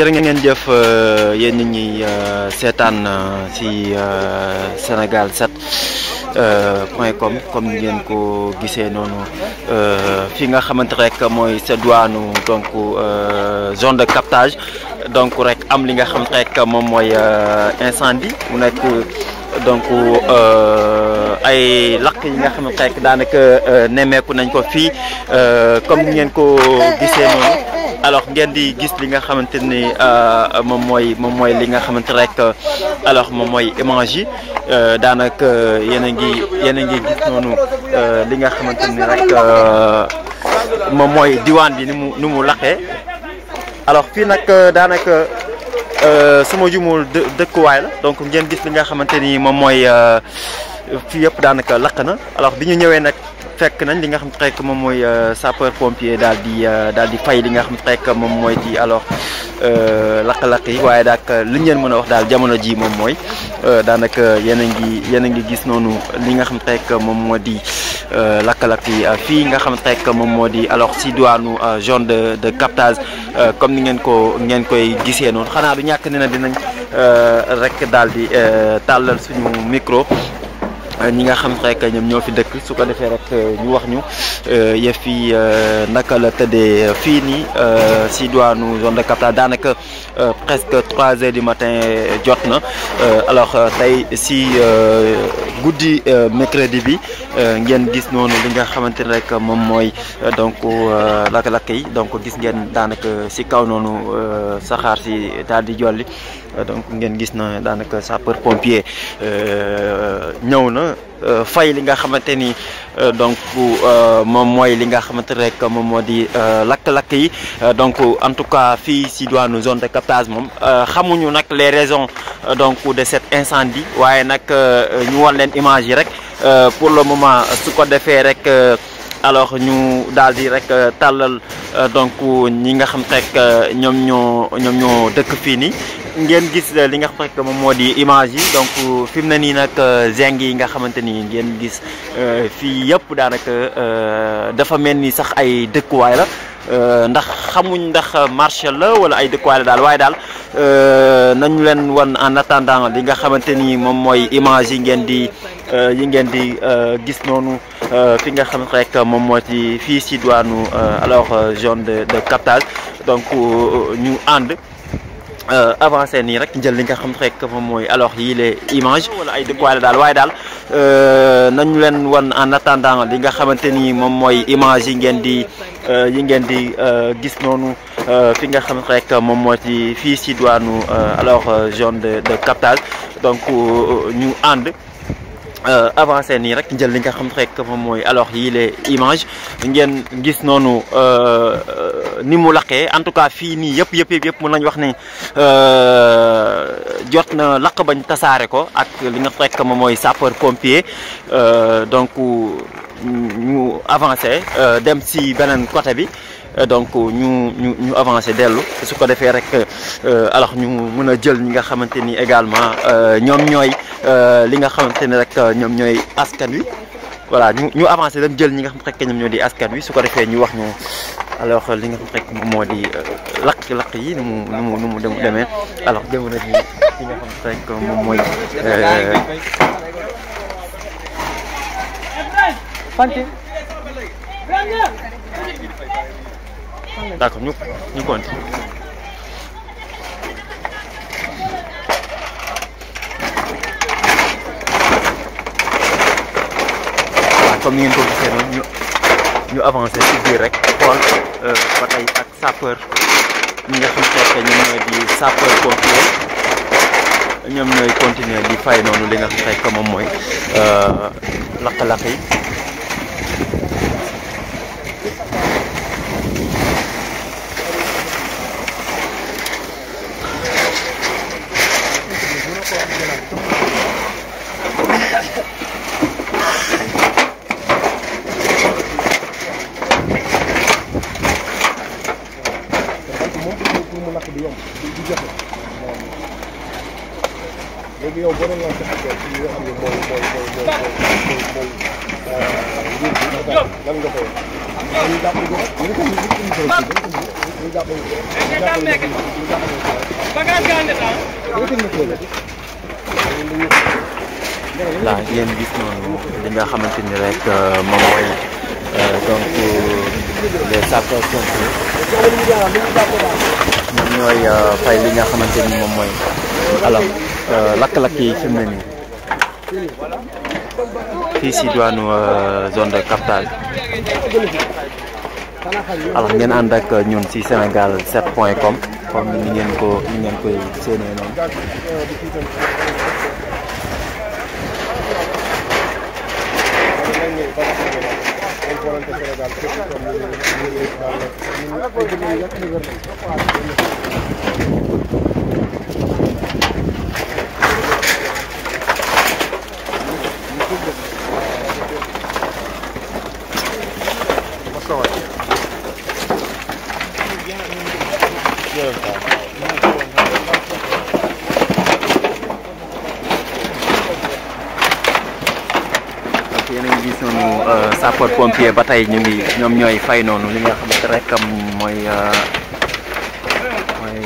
jërë ngeen jëf euh, yéen nit ñi euh, seetaan euh, ci Sénégal 7 point comme comme ni ngeen ko gisee noonu fi nga xamante rek mooy sa duwaanu donc zone de captage donc rek am li nga xam rek moom mooy incendie mu nekk donc ay lakk yi nga xam rek daanaka nemmeeku nañ ko fii comme ni ngeen ko gisee noonu. alors ngeen di gis li nga xamante ni euh, moom mooy moom mooy li nga xamante rek euh, alors moom mooy image yi euh, daanaka yéen a ngi yéen a ngi gis noonu li nga xamante ni rek moom mooy diwaan bi ni mu ni mu laqee alors fii nag daanaka suma jumul dëkkuwaay la donc ngeen gis li nga xamante ni moom mooy fii yëpp daanaka laq na alors bi ñu ñëwee nag. fekk nañ li nga xam te rek moom mooy euh, sapeur pompier daal di euh, daal di fay li nga xam te rek moom mooy ci alors euh, lakk-lakk yi waaye daak li ngeen mën a wax daal jamono ji moom mooy daanaka yéen a ngi yéen a ngi gis noonu li nga xam te moom moo di lakk-lakk yi fii nga xam te moom moo di alors si diwaanu zone de de captage comme ni ngeen ko ngeen koy gisee noonu xanaa du ñàkk ne na dinañ rek daal di tàllal suñu micro ñi nga xam rek ñoom ñoo fi dëkk su ko defee rek euh, ñu wax ñu euh, yëf yi euh, naka la tëddee fii nii si diwaanu zone de Kapta daanaka presque trois heures du matin jot na alors tey si guddi mercredi bi ngeen gis noonu li nga xamante ne rek moom mooy donc lakk-lakk yi donc gis ngeen daanaka si kaw noonu saxaar si daal di jolli Euh, donc ngeen gis na daanaka sapeur pompier euh, ñëw na euh, fay li nga xamante ni donc moom mooy li nga xamante rek moom moo di lakk-lakk yi donc en tout cas fii si diwaanu zone de captage moom xamuñu nag les raisons donc de cet incendie waaye nag ñu won leen image yi rek pour le moment su ko defee rek alors ñu daal di rek tàllal donc ñi nga xam rek ñoom ñoo ñoom ñoo dëkk fii nii ngeen gis euh, li nga xamante ne moom moo di image yi donc euh, fi mu ne nii nag euh, zeng yi nga xamante ni ngeen gis fii yëpp daanaka dafa mel ni sax ay dëkkuwaay la ndax xamuñ ndax marché la wala ay dëkkuwaay la daal waaye daal nañu leen wan en attendant li nga xamante ni moom mooy image yi ngeen di yi ngeen di gis noonu fi nga xam rek moom moo ci fii si diwaanu alors zone de de captage donc ñu ànd. Euh, avancer nii rek njël li nga xam rek moom mooy alors yii les images wala ay dëkkuwaay la daal waaye daal euh, nañu leen wan en attendant li nga xamante ni moom mooy image yi ngeen di euh, yi ngeen di gis noonu fi nga xam rek moom moo ci fii si diwaanu alors zone de de captage donc ñu ànd. Euh, avancer nii rek njël li nga xam rek moom mooy alors yii les images ngeen gis noonu euh, ni mu laqee en tout cas fii nii yëpp yëpp yëpp yëpp mën nañ wax ne euh, jot na laq bañ tasaare ko ak li nga xam rek moom mooy sapeur pompier donc ñu avancé dem si beneen côté bi. Euh, donc ñu ñu ñu avancé dellu su ko defee rek euh, alors ñu mën a jël ñi nga xamante ni également euh, ñoom ñooy li nga xamante ni rek ñoom ñooy askan wi voilà ñu ñu avancé dem jël ñi nga xam rek ñoom ñoo di askan wi su ko defee ñu wax ñu alors li nga xam rek moom moo di lakk-lakk yi nu mu nu mu nu mu demee alors jëm nañu li nga xam rek moom mooy. Fanti. d'accord ñu ñu continue waaw ñu avancé ci biir rek xool euh, ak sapeur ñi nga xam ne ñoom ñooy di sapeur pompier ñoom ñooy continuer di fay noonu li nga xam tey moom mooy euh, lakk-lakk yi léegi yow boo doon wax sa affaire ci li nga xam ne mooy mooy mooy mooy mooy nguur gi état lan nga koy wax. ñu jàppale ko ñu ko ñu ko ñu ko ñu jàppale ko. ñu jàppale ko ñu jàppale ko. bagage grand état. waaw ngeen gis noonu li nga xamante ni rek euh, moom mooy euh, donc les sapeurs-pompiers ñoom ñooy euh, fay li nga xamante ni moom mooy alors lakk-lakk yi fi mu ne nii fii si diwaanu zone de captage alors ngeen ànd ak ñun si Sénégal 7 point com comme ni ngeen ko ni ngeen koy séenee noonu. dara Sénégal componente Sénégal képp ku am lu ñu lu ñu sunu euh, sapeur pompier ba tey ñu ngi ñoom ñooy fay noonu li nga xamante rek mooy euh, mooy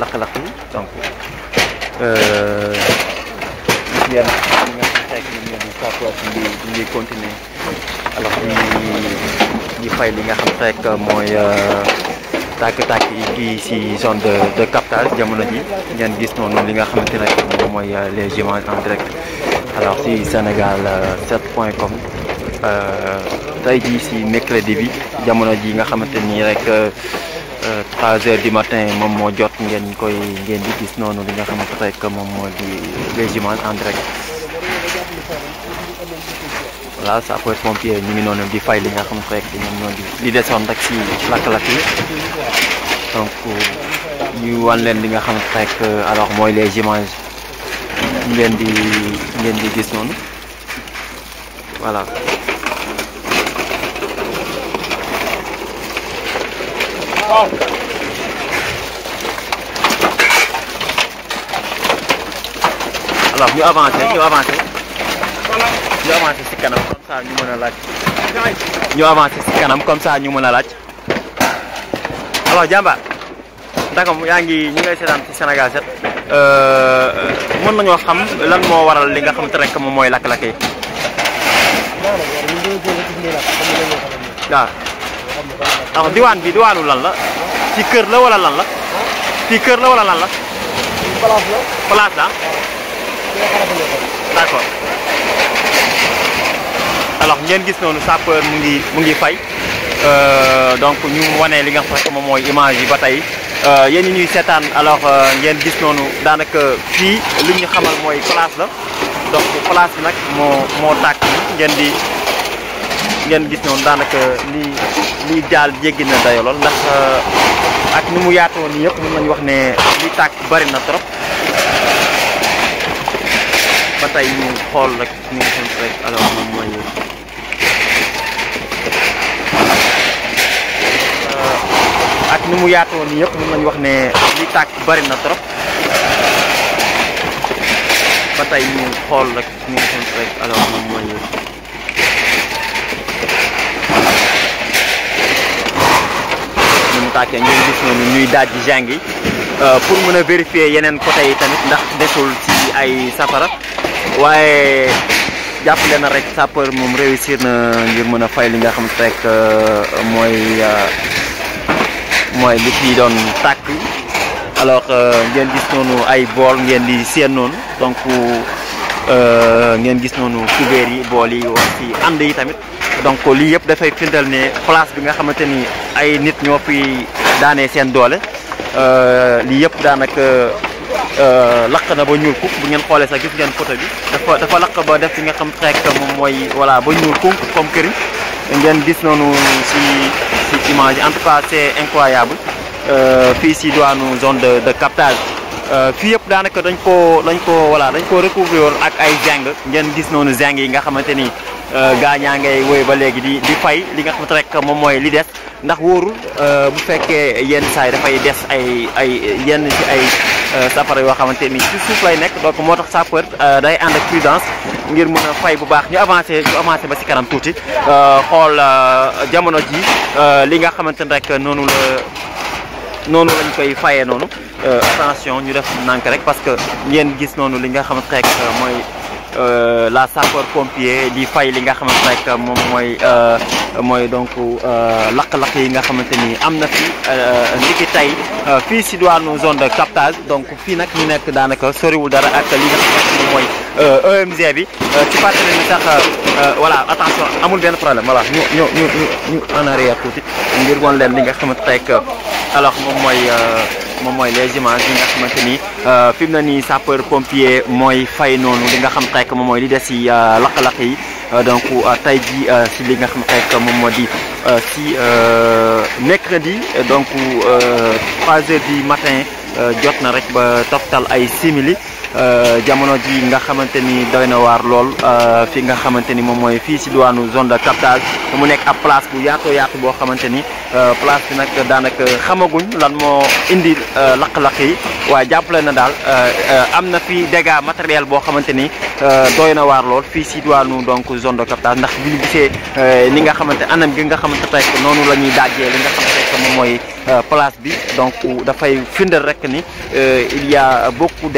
lakk-lakk yi donc gis euh, ngeen ñi nga xam rek ñu fay li nga xam rek mooy tàkk-tàkk yi fii si zone de de captage jamono ji ngeen gis noonu li nga xamante rek moom mooy les images en direct. alors si Sénégal 7 euh, point com euh, tey jii si mercredi bi jamono ji nga xamante nii rek 3 euh, heures du matin moom moo jot ngeen koy ngeen di gis noonu li nga xamante rek moom moo di régiment en direct voilà sapeur pompier ñu ngi noonu di fay li nga xamante rek ñoom ñoo li desoon rek si lakk-lakk yi donc ñu wan leen li nga xamante rek alors mooy les images ngeen di ngeen di gis noonu voilà alors ñu avancé ñu avancé ñu avancé ci kanam comme ñu mën a laaj ñu avancé ci kanam comme ñu mën a laaj alors jàmbaar Dakom yaa ngi ñi ngay seetaan ci Sénégal set euh, euh, mën nañoo xam lan moo waral li nga xam te rek moom mooy lakk-lakk yi. waaw waaw diwaan bi diwaanu lan la ci la wala lan la ci kër la wala lan la. place la ngeen gis noonu sapeur mu ngi mu ngi fay euh, donc ñu wane li nga xam moom mooy image yi ba tey. Euh, yéen ñi ñuy seetaan alors euh, ngeen gis noonu daanaka fii li ñu xamal mooy place la donc place bi nag moo moo tàkk ngeen di ngeen gis noonu daanaka lii lii daal jéggi na dayo lool ndax euh, ak ni mu yaatoo nii yëpp mën nañu wax ne li tàkk bari na trop ba tey ñu xool rek ñu ngi sant rek alors moom mooy. ak ni mu yaatoo nii yëpp nañu wax ne li tàkk bari na trop ba tey ñu xool rek ñu ngi sant gis noonu ñuy daaj ji jàng yi euh, pour mën a vérifier yeneen côté yi tamit ndax desul ci ay safara waaye jàppale na rek sapeur moom réussir na ngir mën a fay li nga xam tek euh, mooy. Euh, mooy li fi doon tàkk alors euh, ngeen gis noonu ay bool ngeen di seen noonu donc euh, ngeen gis noonu kubéer yi bool yi wax ci ànd yi tamit donc lii yëpp dafay firndeel ne place bi nga xamante ni ay nit ñoo fi daanee seen doole euh, lii yëpp daanaka lakk na ba ñuul kuk bu ngeen xoolee sax gis ngeen photo bi dafa dafa lakk ba def ci nga xam rek moom mooy voilà ba ñuul kuk comme këriñ ngeen gis noonu ci images en tout cas c'est incroyable euh, fii zone de de captage euh, fii yëpp daanaka dañ ko lañ ko voilà dañ koo recouvrir woon ak ay jàng ngeen gis noonu jàng yi nga xamante ni Euh, gaa ñaa ngay woy ba léegi di di fay li nga xamante rek moom mooy li des ndax wóorul euh, bu fekkee yenn saay yi dafay des ay ay yenn ci ay euh, safara yoo xamante ni ci suuf lay nekk donc moo tax sapeur day ànd ak prudence ngir mën a fay bu baax ñu avancé ñu avancé ba si kanam tuuti xool jamono ji li nga xamante ne rek noonu la noonu lañ koy fayee noonu attention ñu def nànk rek parce que ngeen gis noonu li nga xamante mooy. Euh, la sapeur pompier di fay li nga xamante rek moom mooy euh, mooy donc euh, lakk-lakk yi nga xamante ni am na fi ndiki tey fii si diwaanu zone de captage donc fii nag ñu nekk daanaka soriwul dara ak li nga xamante ni mooy EMG e bi ci fàttali ni sax voilà amul benn problème voilà ñu ñu ñu ñu en ngir woon leen li nga xamante rek alors moom mooy. moom mooy les images yi nga xamante ni euh, fi mu ne nii sapeur pompier mooy fay noonu li nga xam rek moom mooy li des si euh, lakk-lakk yi euh, donc tey jii si li nga xam rek moom moo di si di donc 3 heures du matin jot na rek ba toftal ay simili. Euh, jamono ji nga xamante ni doy na waar lool euh, fi nga xamante ni moom mooy fii si diwaanu zone de captage mu nekk ab place bu yaatoo yaatu boo xamante ni euh, place bi nag daanaka xamaguñ lan moo indi lakk-lakk yi waaye jàppale na daal am na fi dégâts matériel boo xamante ni doy na waar lool fii si diwaanu donc zone de captage ndax bi ñu gisee ni nga xamante anam gi nga xamante tey noonu la ñuy daajee li nga xamante ne moom mooy place bi donc dafay firndeel rek ni il y a beaucoup